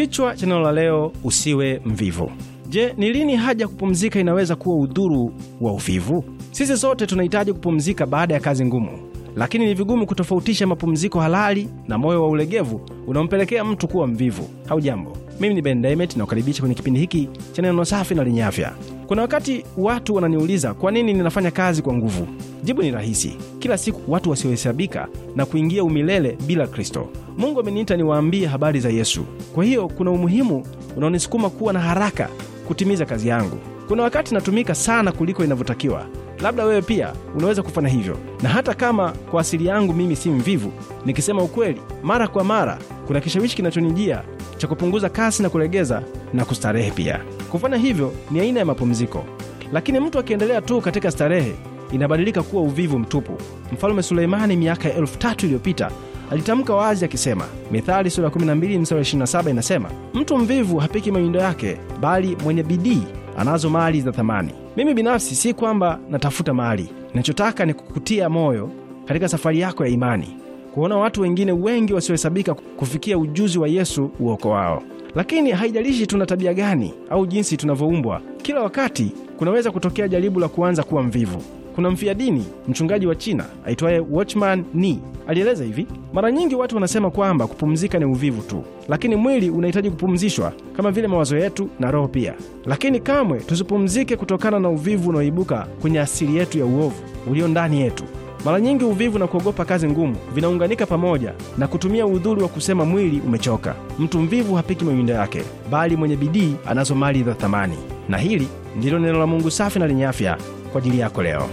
Kichwa cha neno la leo, usiwe mvivu. Je, ni lini haja ya kupumzika inaweza kuwa udhuru wa uvivu? Sisi sote tunahitaji kupumzika baada ya kazi ngumu, lakini ni vigumu kutofautisha mapumziko halali na moyo wa ulegevu unaompelekea mtu kuwa mvivu. Hau jambo, mimi ni Ben Daimet na kukaribisha kwenye kipindi hiki cha neno safi na lenye afya. Kuna wakati watu wananiuliza kwa nini ninafanya kazi kwa nguvu. Jibu ni rahisi: kila siku watu wasiohesabika na kuingia umilele bila Kristo. Mungu ameniita niwaambie habari za Yesu. Kwa hiyo kuna umuhimu unaonisukuma kuwa na haraka kutimiza kazi yangu. Kuna wakati natumika sana kuliko inavyotakiwa. Labda wewe pia unaweza kufanya hivyo, na hata kama kwa asili yangu mimi si mvivu, nikisema ukweli, mara kwa mara kuna kishawishi kinachonijia cha kupunguza kasi na kulegeza na kustarehe pia. Kufanya hivyo ni aina ya mapumziko, lakini mtu akiendelea tu katika starehe inabadilika kuwa uvivu mtupu. Mfalme Suleimani miaka elfu tatu iliyopita alitamka wazi akisema, Mithali sura 12 mstari 27 inasema, mtu mvivu hapiki mawindo yake, bali mwenye bidii anazo mali za thamani. Mimi binafsi si kwamba natafuta mali, ninachotaka ni kukutia moyo katika safari yako ya imani, kuona watu wengine wengi wasiohesabika kufikia ujuzi wa Yesu uokoao. Lakini haijalishi tuna tabia gani au jinsi tunavyoumbwa, kila wakati kunaweza kutokea jaribu la kuanza kuwa mvivu. Kuna mfia dini mchungaji wa China aitwaye Watchman ni alieleza hivi: mara nyingi watu wanasema kwamba kupumzika ni uvivu tu, lakini mwili unahitaji kupumzishwa kama vile mawazo yetu na roho pia. Lakini kamwe tusipumzike kutokana na uvivu unaoibuka kwenye asili yetu ya uovu ulio ndani yetu. Mara nyingi uvivu na kuogopa kazi ngumu vinaunganika pamoja na kutumia udhuru wa kusema mwili umechoka. Mtu mvivu hapiki mawindo yake, bali mwenye bidii anazo mali za thamani. Na hili ndilo neno la Mungu safi na lenye afya kwa ajili yako leo.